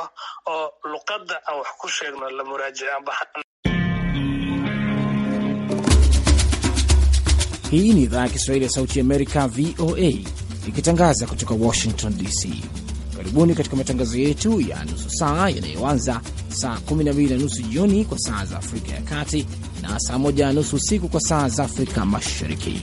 baxo oo luqadda aan wax ku sheegno la muraajacaan bahan Hii ni idhaa ya Kiswahili ya Sauti Amerika, VOA, ikitangaza kutoka Washington DC. Karibuni katika matangazo yetu ya nusu saa yanayoanza saa 12 na nusu jioni kwa saa za Afrika ya Kati na saa 1 na nusu usiku kwa saa za Afrika Mashariki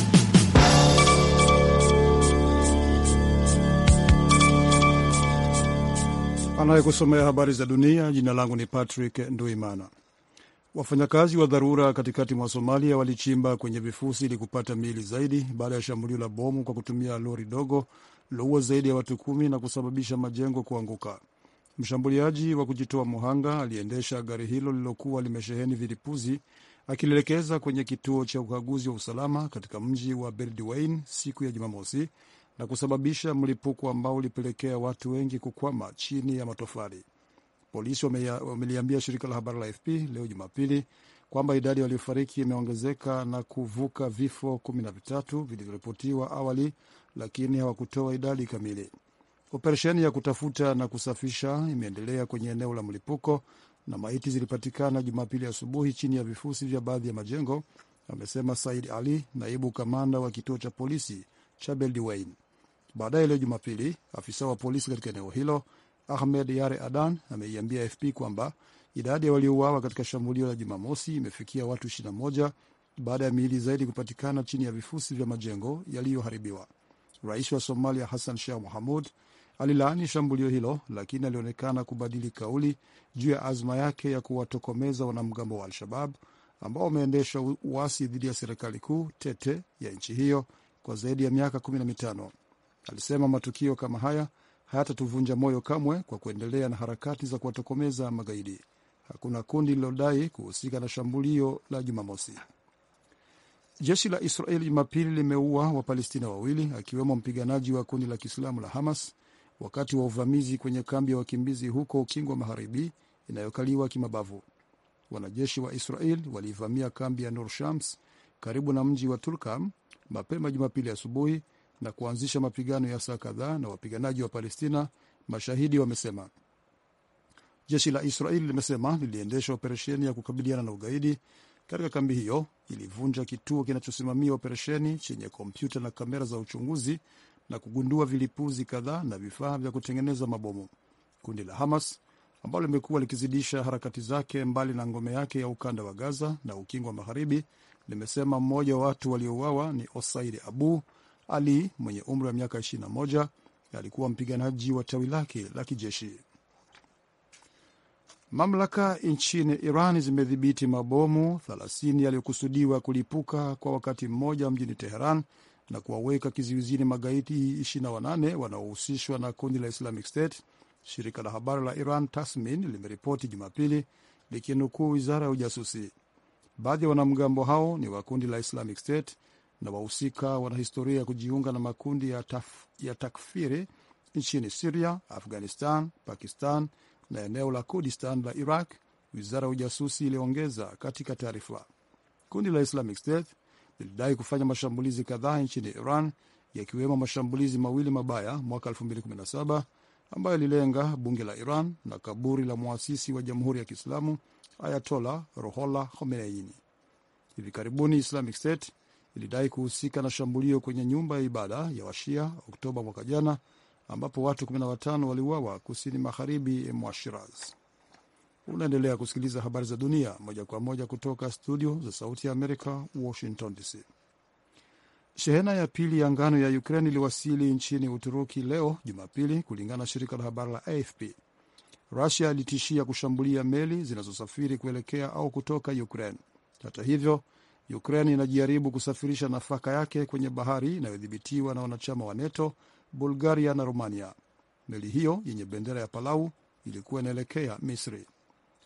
Anayekusomea habari za dunia. Jina langu ni Patrick Nduimana. Wafanyakazi wa dharura katikati mwa Somalia walichimba kwenye vifusi ili kupata miili zaidi baada ya shambulio la bomu kwa kutumia lori dogo liloua zaidi ya watu kumi na kusababisha majengo kuanguka. Mshambuliaji wa kujitoa muhanga aliendesha gari hilo lililokuwa limesheheni vilipuzi akilielekeza kwenye kituo cha ukaguzi wa usalama katika mji wa Beledweyne siku ya Jumamosi, na kusababisha mlipuko ambao ulipelekea watu wengi kukwama chini ya matofali. Polisi wameliambia shirika la habari la FP leo Jumapili kwamba idadi waliofariki imeongezeka na kuvuka vifo 13 vilivyoripotiwa awali, lakini hawakutoa idadi kamili. Operesheni ya kutafuta na kusafisha imeendelea kwenye eneo la mlipuko na maiti zilipatikana Jumapili asubuhi chini ya vifusi vya baadhi ya majengo, amesema Said Ali, naibu kamanda wa kituo cha polisi cha Beledweyne. Baadaye leo Jumapili, afisa wa polisi katika eneo hilo Ahmed Yare Adan ameiambia AFP kwamba idadi ya waliouawa katika shambulio la Jumamosi imefikia watu 21 baada ya miili zaidi kupatikana chini ya vifusi vya majengo yaliyoharibiwa. Rais wa Somalia Hassan Sheikh Mohamud alilaani shambulio hilo, lakini alionekana kubadili kauli juu ya azma yake ya kuwatokomeza wanamgambo wa Al-Shabab ambao wameendesha uasi dhidi ya serikali kuu tete ya nchi hiyo kwa zaidi ya miaka mitano. Alisema matukio kama haya hayatatuvunja moyo kamwe kwa kuendelea na harakati za kuwatokomeza magaidi. Hakuna kundi lililodai kuhusika na shambulio la Jumamosi. Jeshi la Israeli Jumapili limeua Wapalestina wawili akiwemo mpiganaji wa kundi la Kiislamu la Hamas wakati wa uvamizi kwenye kambi ya wakimbizi huko Ukingo Magharibi inayokaliwa kimabavu. Wanajeshi wa Israel waliivamia kambi ya Nur Shams karibu na mji wa Tulkam mapema Jumapili asubuhi na kuanzisha mapigano ya saa kadhaa na wapiganaji wa Palestina, mashahidi wamesema. Jeshi la Israeli limesema liliendesha operesheni ya kukabiliana na ugaidi katika kambi hiyo, ilivunja kituo kinachosimamia operesheni chenye kompyuta na kamera za uchunguzi na kugundua vilipuzi kadhaa na vifaa vya kutengeneza mabomu. Kundi la Hamas ambalo limekuwa likizidisha harakati zake mbali na ngome yake ya ukanda wa Gaza na ukingo wa Magharibi limesema mmoja wa watu waliouawa ni Osaidi Abu ali mwenye umri wa miaka 21 alikuwa mpiganaji wa tawi lake la kijeshi. Mamlaka nchini Iran zimedhibiti mabomu 30 yaliyokusudiwa kulipuka kwa wakati mmoja mjini Teheran na kuwaweka kizuizini magaidi 28 wanaohusishwa na kundi la Islamic State. Shirika la habari la Iran Tasmin limeripoti Jumapili likinukuu wizara ya ujasusi. Baadhi ya wanamgambo hao ni wa kundi la Islamic State na wahusika wanahistoria ya kujiunga na makundi ya, taf, ya takfiri nchini Siria, Afghanistan, Pakistan na eneo la Kurdistan la Iraq, wizara ya ujasusi iliongeza katika taarifa. Kundi la Islamic State lilidai kufanya mashambulizi kadhaa nchini Iran, yakiwemo mashambulizi mawili mabaya mwaka 2017 ambayo ililenga bunge la Iran na kaburi la mwasisi wa jamhuri ya Kiislamu Ayatola Ruhollah Khomeini. Hivi karibuni Islamic State ilidai kuhusika na shambulio kwenye nyumba ya ibada ya Washia Oktoba mwaka jana, ambapo watu 15 waliuawa kusini magharibi mwa Shiraz. Unaendelea kusikiliza habari za dunia moja kwa moja kutoka studio za Sauti ya Amerika, Washington DC. Shehena ya pili ya ngano ya Ukraine iliwasili nchini Uturuki leo Jumapili, kulingana na shirika la habari la AFP. Rusia ilitishia kushambulia meli zinazosafiri kuelekea au kutoka Ukraine. Hata hivyo, Ukraine inajaribu kusafirisha nafaka yake kwenye bahari inayodhibitiwa na wanachama wa NATO, Bulgaria na Romania. Meli hiyo yenye bendera ya Palau ilikuwa inaelekea Misri.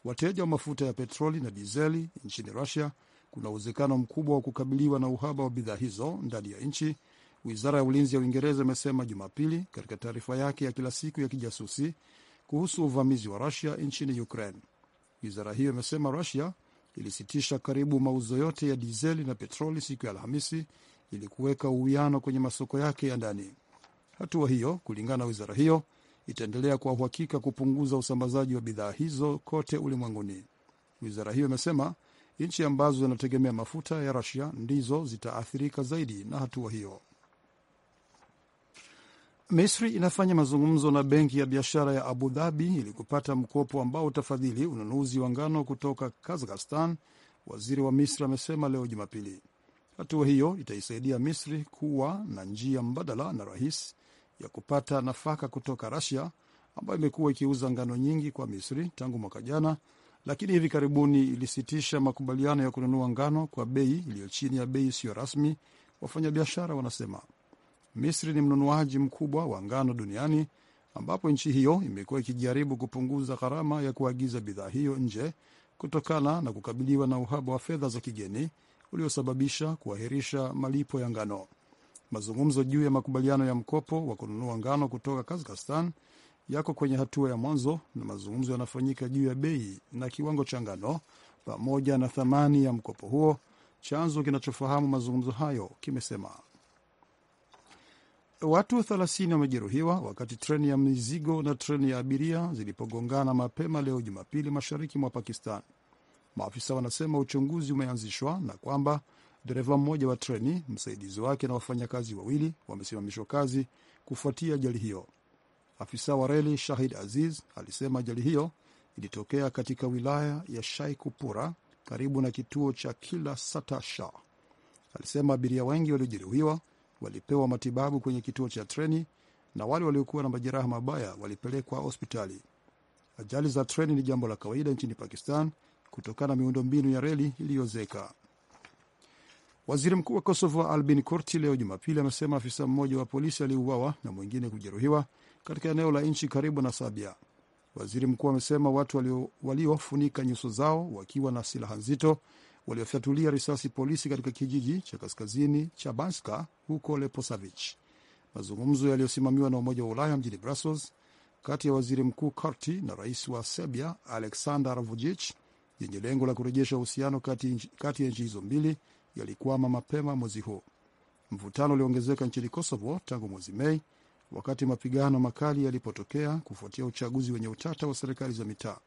Wateja wa mafuta ya petroli na dizeli nchini Rusia kuna uwezekano mkubwa wa kukabiliwa na uhaba wa bidhaa hizo ndani ya nchi, wizara ya ulinzi ya Uingereza imesema Jumapili katika taarifa yake ya kila siku ya kijasusi kuhusu uvamizi wa Rusia nchini Ukraine. Wizara hiyo imesema Rusia ilisitisha karibu mauzo yote ya dizeli na petroli siku ya Alhamisi ili kuweka uwiano kwenye masoko yake ya ndani. Hatua hiyo, kulingana na wizara hiyo, itaendelea kwa uhakika kupunguza usambazaji wa bidhaa hizo kote ulimwenguni. Wizara hiyo imesema nchi ambazo zinategemea mafuta ya Rusia ndizo zitaathirika zaidi na hatua hiyo. Misri inafanya mazungumzo na benki ya biashara ya Abu Dhabi ili kupata mkopo ambao utafadhili ununuzi wa ngano kutoka Kazakhstan, waziri wa Misri amesema leo Jumapili. Hatua hiyo itaisaidia Misri kuwa na njia mbadala na rahis ya kupata nafaka kutoka Rasia, ambayo imekuwa ikiuza ngano nyingi kwa Misri tangu mwaka jana, lakini hivi karibuni ilisitisha makubaliano ya kununua ngano kwa bei iliyo chini ya bei isiyo rasmi, wafanyabiashara wanasema. Misri ni mnunuaji mkubwa wa ngano duniani, ambapo nchi hiyo imekuwa ikijaribu kupunguza gharama ya kuagiza bidhaa hiyo nje kutokana na kukabiliwa na uhaba wa fedha za kigeni uliosababisha kuahirisha malipo ya ngano. Mazungumzo juu ya makubaliano ya mkopo wa kununua ngano kutoka Kazakhstan yako kwenye hatua ya mwanzo na mazungumzo yanafanyika juu ya bei na kiwango cha ngano pamoja na thamani ya mkopo huo, chanzo kinachofahamu mazungumzo hayo kimesema. Watu 30 wamejeruhiwa wakati treni ya mizigo na treni ya abiria zilipogongana mapema leo Jumapili, mashariki mwa Pakistan. Maafisa wanasema uchunguzi umeanzishwa na kwamba dereva mmoja wa treni, msaidizi wake na wafanyakazi wawili wamesimamishwa kazi kufuatia ajali hiyo. Afisa wa reli Shahid Aziz alisema ajali hiyo ilitokea katika wilaya ya Shaikupura karibu na kituo cha Kila satasha Alisema abiria wengi waliojeruhiwa walipewa matibabu kwenye kituo cha treni na wale waliokuwa na majeraha mabaya walipelekwa hospitali. Ajali za treni ni jambo la kawaida nchini Pakistan kutokana na miundombinu ya reli iliyozeka. Waziri mkuu wa Kosovo Albin Kurti leo Jumapili amesema afisa mmoja wa polisi aliuawa na mwingine kujeruhiwa katika eneo la nchi karibu na Sabia. Waziri mkuu amesema watu waliofunika nyuso zao wakiwa na silaha nzito waliofyatulia risasi polisi katika kijiji cha kaskazini cha Banska huko Leposavich. Mazungumzo yaliyosimamiwa na Umoja wa Ulaya mjini Brussels kati ya waziri mkuu Kurti na rais wa Serbia Aleksandar Vujic yenye lengo la kurejesha uhusiano kati, kati ya nchi hizo mbili yalikwama mapema mwezi huu. Mvutano uliongezeka nchini Kosovo tangu mwezi Mei wakati mapigano makali yalipotokea kufuatia uchaguzi wenye utata wa serikali za mitaa.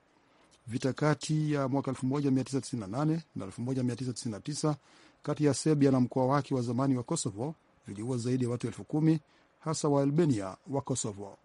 Vita kati ya mwaka 1998 na 1999 kati ya Serbia na mkoa wake wa zamani wa Kosovo viliua zaidi ya watu elfu kumi hasa wa Albania wa Kosovo.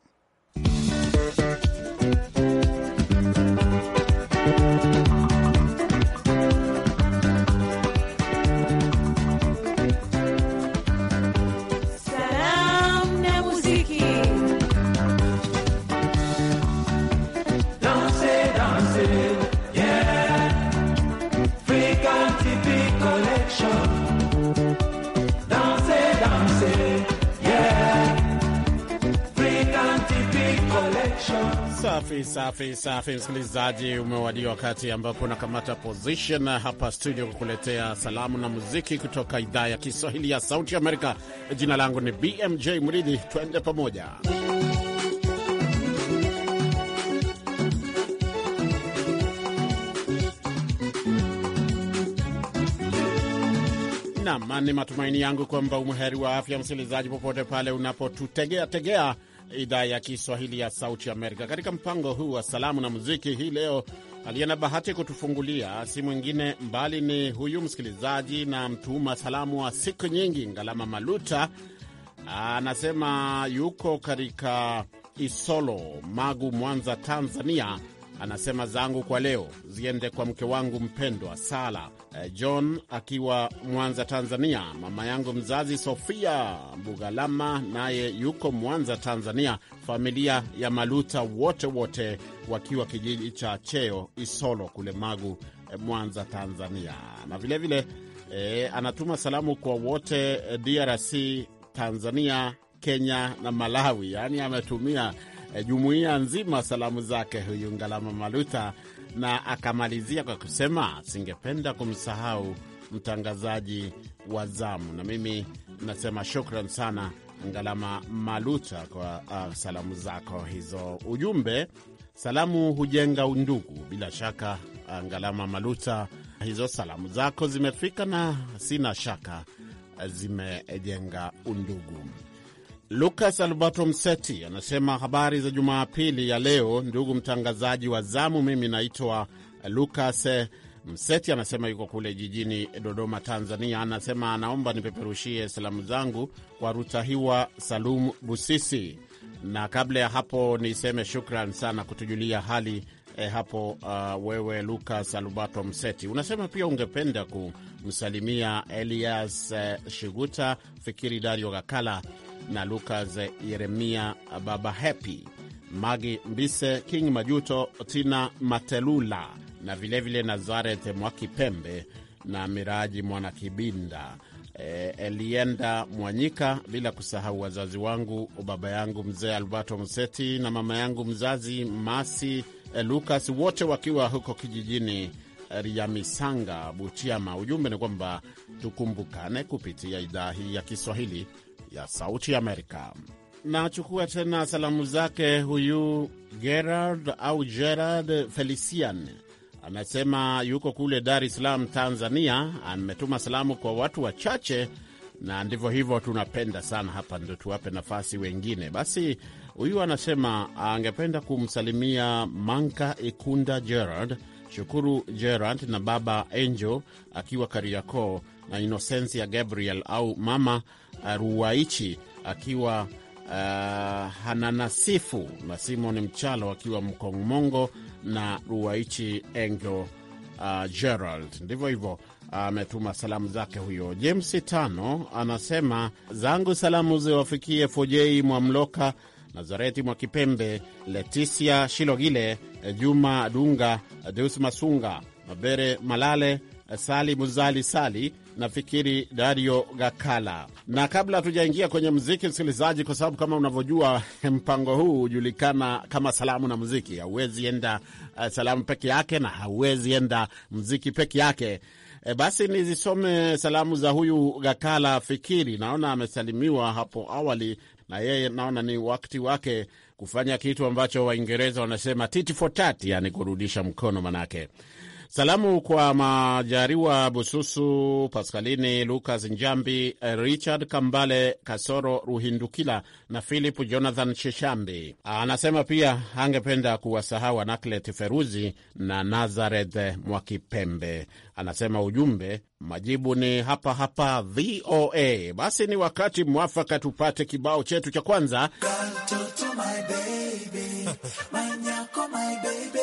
Safi safi safi, msikilizaji, umewadia wakati ambapo unakamata position hapa studio kukuletea salamu na muziki kutoka idhaa ya Kiswahili ya Sauti Amerika. Jina langu ni BMJ Mridhi, twende pamoja. Nam, ni matumaini yangu kwamba umeheri wa afya, msikilizaji, popote pale unapotutegea tegea idhaa ya Kiswahili ya Sauti Amerika. Katika mpango huu wa salamu na muziki hii leo, aliye na bahati kutufungulia si mwingine mbali ni huyu msikilizaji na mtuma salamu wa siku nyingi, Ngalama Maluta. Anasema yuko katika Isolo, Magu, Mwanza, Tanzania anasema zangu kwa leo ziende kwa mke wangu mpendwa Sala eh, John akiwa Mwanza, Tanzania, mama yangu mzazi Sofia Bugalama naye yuko Mwanza, Tanzania, familia ya Maluta wote wote wakiwa kijiji cha Cheo Isolo kule Magu, eh, Mwanza, Tanzania. Na vilevile e, eh, anatuma salamu kwa wote DRC, Tanzania, Kenya na Malawi, yaani ametumia Eh, jumuiya nzima salamu zake huyu Ngalama Maluta, na akamalizia kwa kusema singependa kumsahau mtangazaji wa zamu. Na mimi nasema shukran sana Ngalama Maluta kwa uh, salamu zako hizo. Ujumbe salamu hujenga undugu. Bila shaka uh, Ngalama Maluta, hizo salamu zako zimefika na sina shaka uh, zimejenga undugu. Lucas Alberto Mseti anasema habari za Jumapili ya leo, ndugu mtangazaji wa zamu. Mimi naitwa Lucas Mseti, anasema yuko kule jijini Dodoma, Tanzania. Anasema anaomba nipeperushie salamu zangu kwa Rutahiwa salum Busisi, na kabla ya hapo niseme shukran sana kutujulia hali eh, hapo uh, wewe Lucas Alubato Mseti unasema pia ungependa kumsalimia Elias eh, Shiguta Fikiri Dario Gakala na lukas Yeremia, Baba Hepi, Magi Mbise, King Majuto, Tina Matelula na vilevile vile Nazareth Mwakipembe na Miraji Mwanakibinda, e, Elienda Mwanyika, bila kusahau wazazi wangu, baba yangu mzee Alberto Mseti na mama yangu mzazi Masi e, Lukas, wote wakiwa huko kijijini e, Riamisanga, Butiama. Ujumbe ni kwamba tukumbukane kupitia idhaa hii ya Kiswahili ya Sauti Amerika. Nachukua tena salamu zake huyu Gerard au Gerard Felician, anasema yuko kule Dar es Salaam, Tanzania. Ametuma salamu kwa watu wachache, na ndivyo hivyo, tunapenda sana hapa, ndio tuwape nafasi wengine. Basi huyu anasema angependa kumsalimia Manka Ikunda Gerard, Shukuru Gerard na baba Angel akiwa Kariakoo na Inosensia Gabriel au Mama uh, Ruwaichi akiwa uh, Hananasifu na Simon Mchalo akiwa Mkong'mongo na Ruwaichi engo uh, Gerald. Ndivyo hivyo uh, ametuma uh, salamu zake huyo. James Tano anasema zangu salamu ziwafikie Fojei Mwamloka, Nazareti mwa kipembe Leticia Shilogile, Juma Dunga, Deus Masunga, Mabere Malale Sali Muzali Sali, nafikiri Dario Gakala. Na kabla hatujaingia kwenye mziki, msikilizaji, kwa sababu kama unavyojua mpango huu hujulikana kama salamu na muziki. Hauwezi enda uh, salamu peke yake na hauwezi enda mziki peke yake. E, basi nizisome salamu za huyu Gakala Fikiri. Naona amesalimiwa hapo awali, na yeye naona ni wakati wake kufanya kitu ambacho Waingereza wanasema tit for tat, yani kurudisha mkono manake Salamu kwa Majariwa Bususu, Paskalini Lukas Njambi, Richard Kambale, Kasoro Ruhindukila na Philip Jonathan sheshambi Anasema pia angependa kuwasahau Anaklet Feruzi na Nazareth Mwakipembe. Anasema ujumbe majibu ni hapa hapa VOA. Basi ni wakati mwafaka tupate kibao chetu cha kwanza. baby.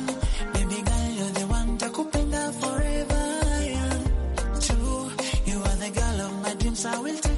I will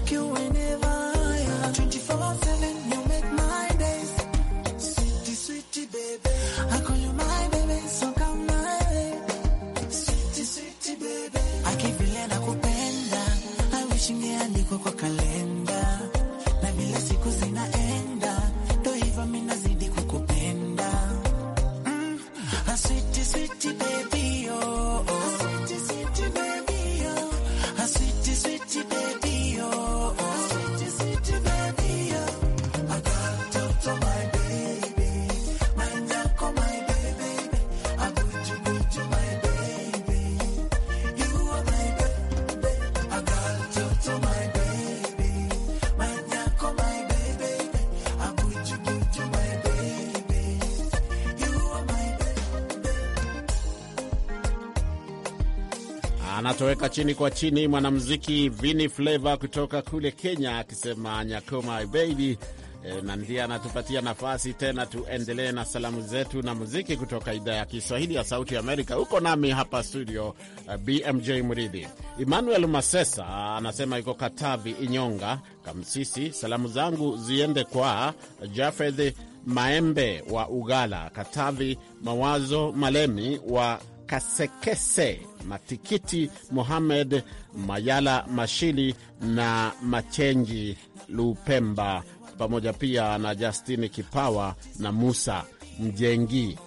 anatoweka chini kwa chini. Mwanamuziki Vini Flavor kutoka kule Kenya akisema nyakoma baby e, na ndiye anatupatia nafasi tena tuendelee na salamu zetu na muziki kutoka idhaa ya Kiswahili ya Sauti Amerika. Huko nami hapa studio uh, BMJ Mridhi. Emmanuel Masesa anasema iko Katavi, Inyonga, Kamsisi. Salamu zangu ziende kwa Jafeth Maembe wa Ugala, Katavi, Mawazo Malemi wa Kasekese Matikiti Mohamed Mayala Mashili na Machenji Lupemba, pamoja pia na Justini Kipawa na Musa Mjengi.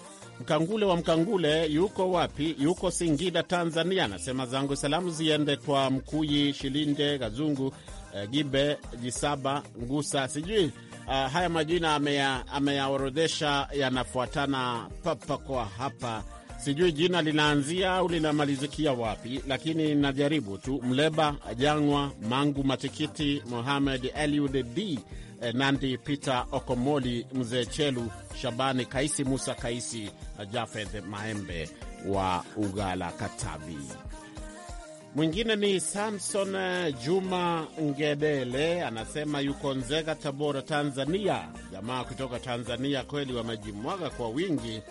Mkangule wa Mkangule yuko wapi? Yuko Singida, Tanzania. Anasema zangu salamu ziende kwa Mkuyi Shilinde, Kazungu eh, Gibe, Jisaba Ngusa, sijui Uh, haya majina ameyaorodhesha yanafuatana papa kwa hapa sijui jina linaanzia au linamalizikia wapi, lakini najaribu tu. Mleba Jangwa Mangu Matikiti, Mohamed Eliud D, eh, Nandi Peter Okomoli, Mzee Chelu Shabani Kaisi, Musa Kaisi na Jafeth Maembe wa Ugala, Katavi. Mwingine ni Samson eh, Juma Ngedele, anasema yuko Nzega, Tabora, Tanzania. Jamaa kutoka Tanzania kweli wamejimwaga kwa wingi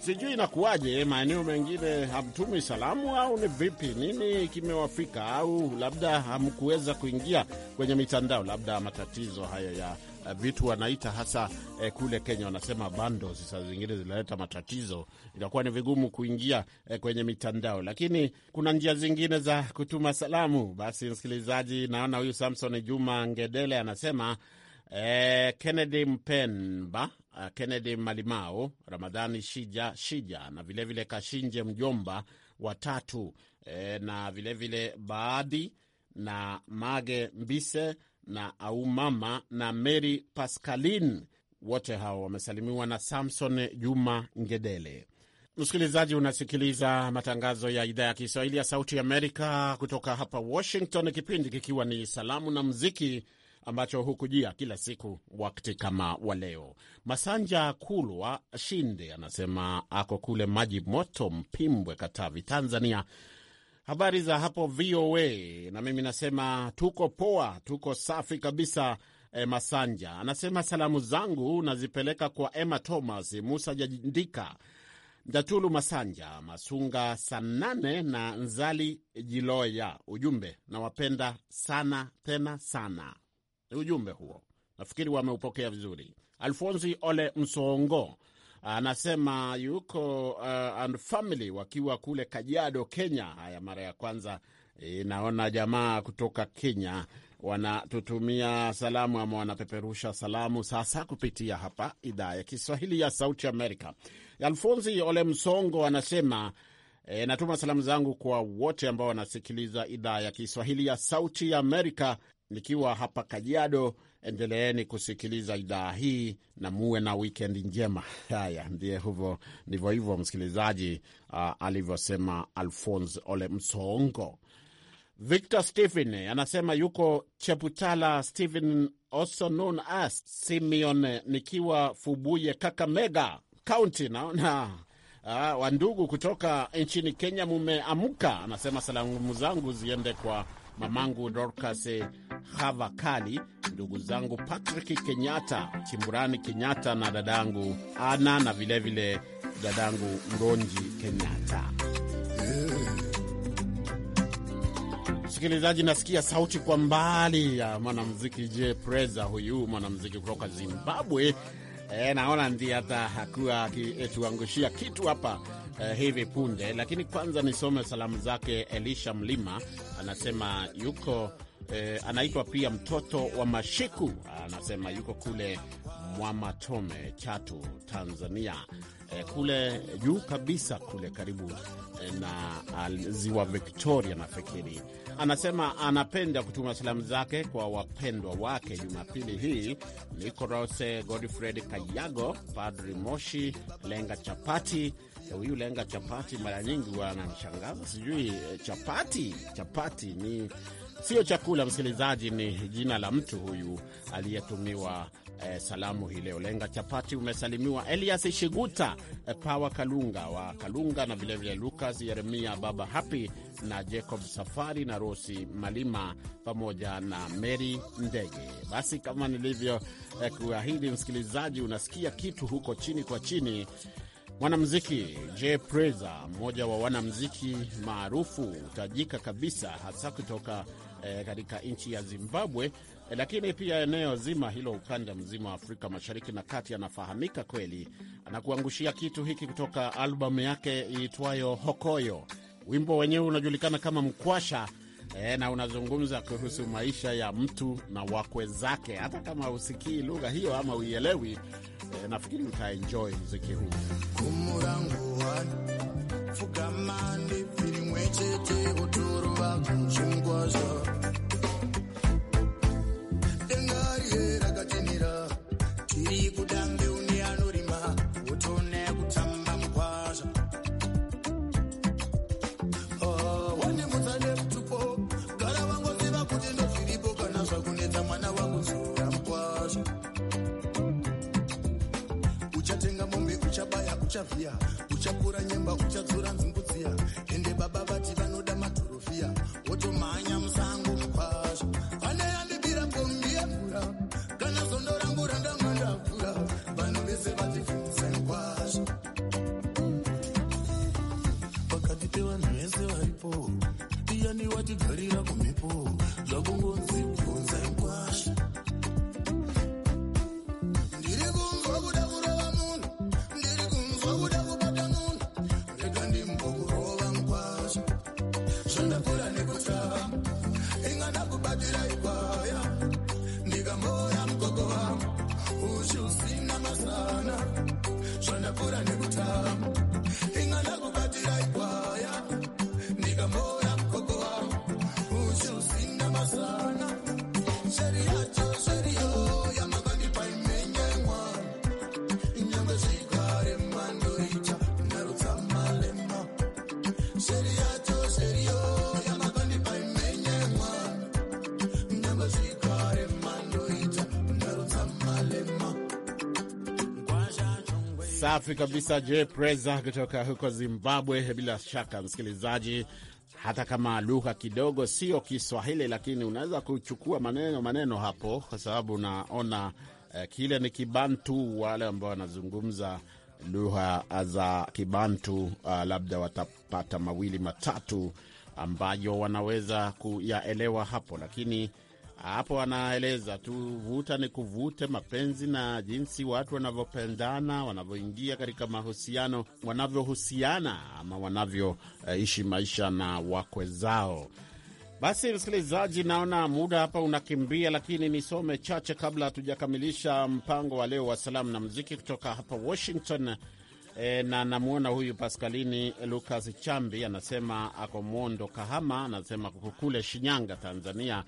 Sijui inakuwaje, maeneo mengine hamtumi salamu au ni vipi? Nini kimewafika? Au labda hamkuweza kuingia kwenye mitandao, labda matatizo hayo ya eh, vitu wanaita hasa eh, kule Kenya wanasema bando sasa zingine zinaleta matatizo, inakuwa ni vigumu kuingia eh, kwenye mitandao, lakini kuna njia zingine za kutuma salamu. Basi msikilizaji, naona huyu Samson Juma Ngedele anasema eh, Kennedy Mpemba uh, Kennedy Malimao, Ramadhani Shija Shija na vilevile vile Kashinje mjomba watatu e, eh, na vilevile vile Baadhi na Mage Mbise na Aumama na Mary paskalin wote hao wamesalimiwa na Samson Juma Ngedele. Msikilizaji, unasikiliza matangazo ya idhaa ya Kiswahili ya Sauti Amerika kutoka hapa Washington, kipindi kikiwa ni Salamu na Muziki ambacho hukujia kila siku wakati kama wa leo. Masanja Kulwa Shinde anasema ako kule Maji Moto, Mpimbwe, Katavi, Tanzania. Habari za hapo VOA? Na mimi nasema tuko poa, tuko safi kabisa. E, Masanja anasema salamu zangu nazipeleka kwa Emma Thomas, Musa Jandika, Jatulu Masanja, Masunga Sanane na Nzali Jiloya. Ujumbe, nawapenda sana tena sana ujumbe huo nafikiri wameupokea vizuri. Alfonsi Ole Msongo ah, anasema yuko uh, and family wakiwa kule Kajiado, Kenya. Haya, mara ya kwanza inaona eh, e, jamaa kutoka Kenya wanatutumia salamu ama wanapeperusha salamu sasa kupitia hapa idhaa ya Kiswahili ya Sauti Amerika. Alfonsi Ole Msongo anasema e, natuma salamu zangu kwa wote ambao wanasikiliza idhaa ya Kiswahili ya Sauti Amerika nikiwa hapa Kajiado. Endeleeni kusikiliza idhaa hii na muwe na wikendi njema. Haya, ndiye hivyo, ndivyo hivyo msikilizaji, uh, alivyosema Alfons Ole Msongo. Victor Stephen anasema yuko Cheputala, Stephen also known as Simeon, nikiwa Fubuye, Kakamega Kaunti. Naona uh, wandugu kutoka nchini Kenya mumeamka. Anasema salamu zangu ziende kwa mamangu Dorcas Hava Kali, ndugu zangu Patrick Kenyatta, chimburani Kenyatta na dadangu Ana na vilevile vile dadangu Mronji Kenyatta. Msikilizaji, nasikia sauti kwa mbali ya mwanamziki J Preza, huyu mwanamziki kutoka Zimbabwe. E, naona ndiye hata hakuwa akituangushia kitu hapa e, hivi punde, lakini kwanza nisome salamu zake. Elisha Mlima anasema yuko eh, anaitwa pia mtoto wa Mashiku, anasema yuko kule Mwamatome, Chato, Tanzania, eh, kule juu kabisa kule karibu eh, na ziwa Victoria nafikiri. Anasema anapenda kutuma salamu zake kwa wapendwa wake Jumapili hii: Nicolas Godfred Kayago, Padri Moshi, Lenga Chapati. Eh, huyu Lenga Chapati mara nyingi wanamshangaza, sijui eh, chapati chapati ni Sio chakula, msikilizaji, ni jina la mtu huyu aliyetumiwa eh, salamu hii leo. Lenga chapati umesalimiwa Elias Shiguta, eh, Pawa Kalunga wa Kalunga na vilevile Lukas Yeremia, Baba Hapi na Jacob Safari na Rosi Malima pamoja na Mary Ndege. Basi kama nilivyo eh, kuahidi, msikilizaji, unasikia kitu huko chini kwa chini Mwanamziki j Preza, mmoja wa wanamziki maarufu utajika kabisa, hasa kutoka eh, katika nchi ya Zimbabwe eh, lakini pia eneo zima hilo, ukanda mzima wa Afrika Mashariki na Kati, anafahamika kweli. Anakuangushia kitu hiki kutoka albamu yake iitwayo Hokoyo. Wimbo wenyewe unajulikana kama Mkwasha. E, na unazungumza kuhusu maisha ya mtu na wakwe zake. Hata kama usikii lugha hiyo ama uielewi, e, eh, nafikiri utaenjoy muziki huu. Oh, Via. zvakasiyana zvandakura nekutama Safi kabisa, J Preza kutoka huko Zimbabwe. Bila shaka msikilizaji, hata kama lugha kidogo sio Kiswahili, lakini unaweza kuchukua maneno maneno hapo, kwa sababu naona eh, kile ni Kibantu. Wale ambao wanazungumza lugha za Kibantu uh, labda watapata mawili matatu ambayo wanaweza kuyaelewa hapo, lakini hapo anaeleza tu vuta ni kuvute, mapenzi na jinsi watu wanavyopendana, wanavyoingia katika mahusiano, wanavyohusiana ama wanavyoishi maisha na wakwe zao. Basi msikilizaji, naona muda hapa unakimbia, lakini nisome chache kabla hatujakamilisha mpango wa leo wa salamu na muziki kutoka hapa Washington. E, na namwona huyu Paskalini lukas Chambi anasema ako Mwondo Kahama, anasema kule Shinyanga, Tanzania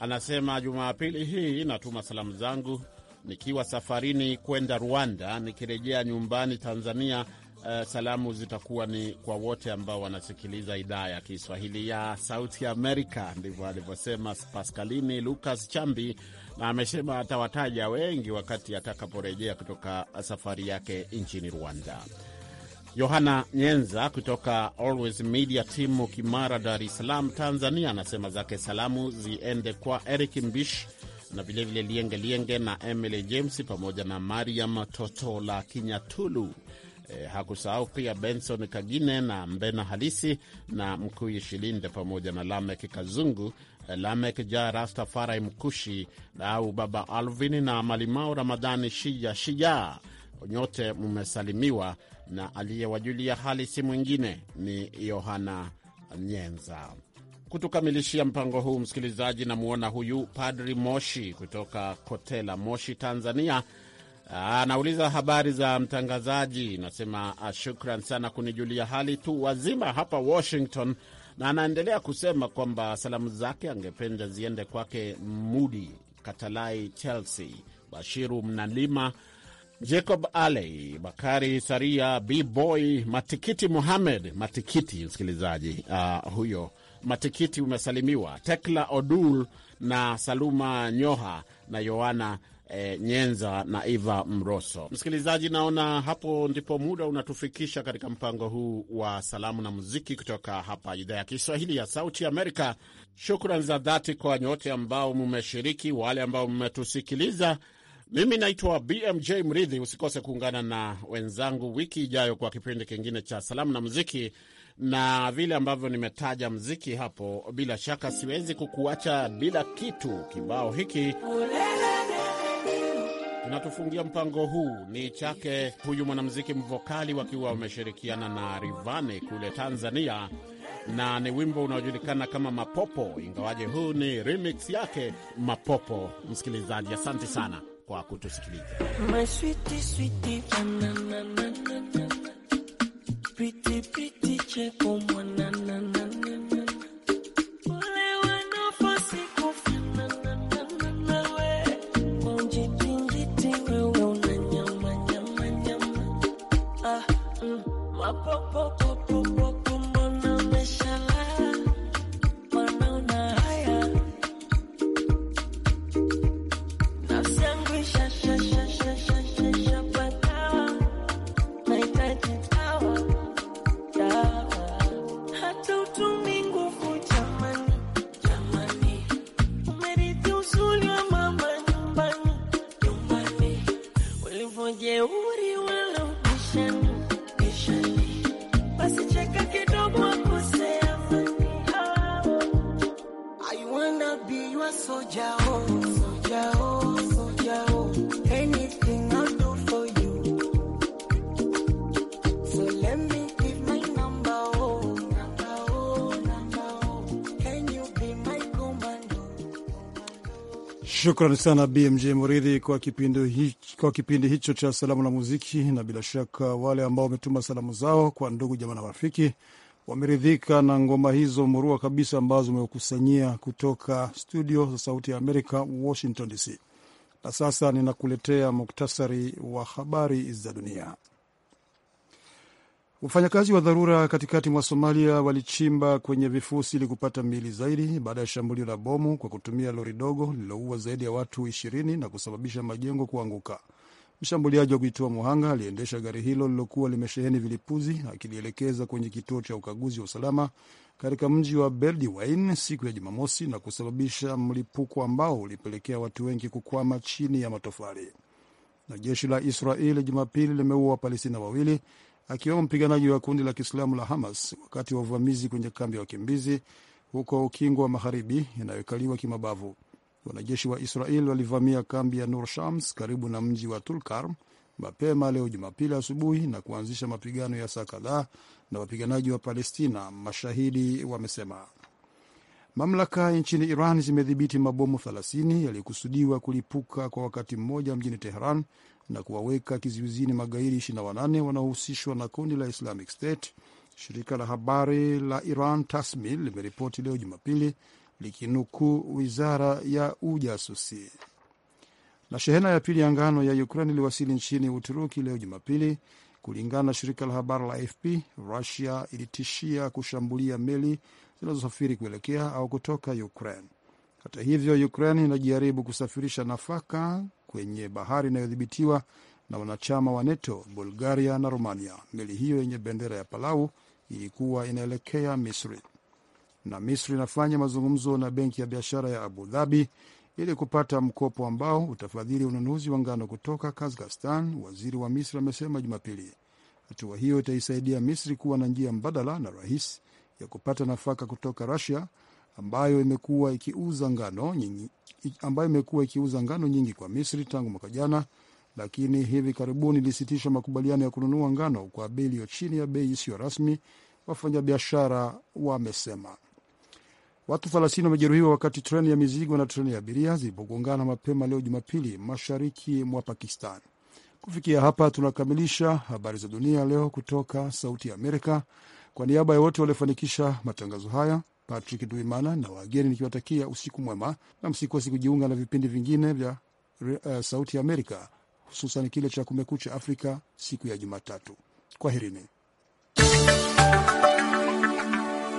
Anasema Jumapili hii natuma salamu zangu nikiwa safarini kwenda Rwanda, nikirejea nyumbani Tanzania. Uh, salamu zitakuwa ni kwa wote ambao wanasikiliza idhaa ya Kiswahili ya Sauti Amerika. Ndivyo alivyosema Paskalini lukas Chambi, na amesema atawataja wengi wakati atakaporejea kutoka safari yake nchini Rwanda. Yohana Nyenza kutoka Always Media timu Kimara, Dar es Salaam, Tanzania, anasema zake salamu ziende kwa Eric Mbish na vilevile Lienge Lienge na Emily James pamoja na Mariam Totola Kinyatulu. E, hakusahau pia Benson Kagine na Mbena Halisi na Mkuu Shilinde pamoja na Lamek Kazungu, e, Lamek Ja Rastafari Mkushi au Baba Alvin na Malimao Ramadhani Shija Shijaa nyote mmesalimiwa, na aliyewajulia hali si mwingine ni Yohana Nyenza. Kutukamilishia mpango huu, msikilizaji, namwona huyu Padri Moshi kutoka Kotela, Moshi, Tanzania. Anauliza habari za mtangazaji, nasema ah, shukran sana kunijulia hali tu, wazima hapa Washington, na anaendelea kusema kwamba salamu zake angependa ziende kwake Mudi Katalai, Chelsea Bashiru Mnalima Jacob Aley, Bakari Saria, B-Boy, Matikiti Muhamed, Matikiti msikilizaji uh, huyo Matikiti umesalimiwa, Tekla Odul na Saluma Nyoha na yoana E, eh, Nyenza na Eva Mroso. Msikilizaji, naona hapo ndipo muda unatufikisha katika mpango huu wa salamu na muziki kutoka hapa idhaa ya Kiswahili ya Sauti Amerika. Shukrani za dhati kwa nyote ambao mmeshiriki, wale ambao mmetusikiliza mimi naitwa BMJ Mridhi. Usikose kuungana na wenzangu wiki ijayo kwa kipindi kingine cha salamu na muziki, na vile ambavyo nimetaja muziki hapo, bila shaka siwezi kukuacha bila kitu. Kibao hiki tunatufungia mpango huu, ni chake huyu mwanamuziki mvokali, wakiwa wameshirikiana na Rivani kule Tanzania na ni wimbo unaojulikana kama Mapopo, ingawaje huu ni remix yake Mapopo. Msikilizaji, asante sana kwa kutusikiliza. shukrani Shukran sana BMJ Muridhi kwa kipindi hicho, kwa kipindi hicho cha salamu na muziki, na bila shaka wale ambao wametuma salamu zao kwa ndugu jamaa na marafiki wameridhika na ngoma hizo murua kabisa ambazo umekusanyia kutoka studio za Sauti ya Amerika, Washington DC. Na sasa ninakuletea muktasari wa habari za dunia. Wafanyakazi wa dharura katikati mwa Somalia walichimba kwenye vifusi ili kupata miili zaidi baada ya shambulio la bomu kwa kutumia lori dogo lililoua zaidi ya watu 20 na kusababisha majengo kuanguka. Mshambuliaji wa kujitoa muhanga aliendesha gari hilo lilokuwa limesheheni vilipuzi akilielekeza kwenye kituo cha ukaguzi wa usalama katika mji wa Beledweyne siku ya Jumamosi na kusababisha mlipuko ambao ulipelekea watu wengi kukwama chini ya matofali. Na jeshi la Israeli Jumapili limeua Wapalestina wawili akiwemo mpiganaji wa kundi la Kiislamu la Hamas wakati wa uvamizi kwenye kambi ya wakimbizi huko Ukingo wa Magharibi inayokaliwa kimabavu. Wanajeshi wa Israel walivamia kambi ya Nur Shams karibu na mji wa Tulkarm mapema leo Jumapili asubuhi na kuanzisha mapigano ya saa kadhaa na wapiganaji wa Palestina, mashahidi wamesema. Mamlaka nchini Iran zimedhibiti mabomu 30 yaliyokusudiwa kulipuka kwa wakati mmoja mjini Teheran na kuwaweka kizuizini magaidi 28 wanaohusishwa na kundi la Islamic State. Shirika la habari la Iran tasmi limeripoti leo Jumapili likinukuu wizara ya ujasusi. Na shehena ya pili ya ngano ya Ukraine iliwasili nchini Uturuki leo Jumapili, kulingana na shirika la habari la AFP. Rusia ilitishia kushambulia meli zinazosafiri kuelekea au kutoka Ukraine. Hata hivyo, Ukraine inajaribu kusafirisha nafaka kwenye bahari inayodhibitiwa na wanachama wa NATO, Bulgaria na Romania. Meli hiyo yenye bendera ya Palau ilikuwa inaelekea Misri na Misri inafanya mazungumzo na benki ya biashara ya Abu Dhabi ili kupata mkopo ambao utafadhili ununuzi wa ngano kutoka Kazakhstan, waziri wa Misri amesema Jumapili. Hatua hiyo itaisaidia Misri kuwa na njia mbadala na rahis ya kupata nafaka kutoka Rusia ambayo imekuwa ikiuza ngano nyingi, ambayo imekuwa ikiuza ngano nyingi kwa Misri tangu mwaka jana, lakini hivi karibuni ilisitisha makubaliano ya kununua ngano kwa bei iliyo chini ya bei isiyo rasmi, wafanyabiashara wamesema. Watu 30 wamejeruhiwa wakati treni ya mizigo na treni ya abiria zilipogongana mapema leo Jumapili, mashariki mwa Pakistan. Kufikia hapa tunakamilisha habari za dunia leo kutoka Sauti ya Amerika. Kwa niaba ya wote waliofanikisha matangazo haya, Patrick Duimana na wageni nikiwatakia usiku mwema, na msikosi kujiunga na vipindi vingine vya uh, Sauti ya Amerika, hususan kile cha Kumekucha Afrika siku ya Jumatatu. Kwaherini.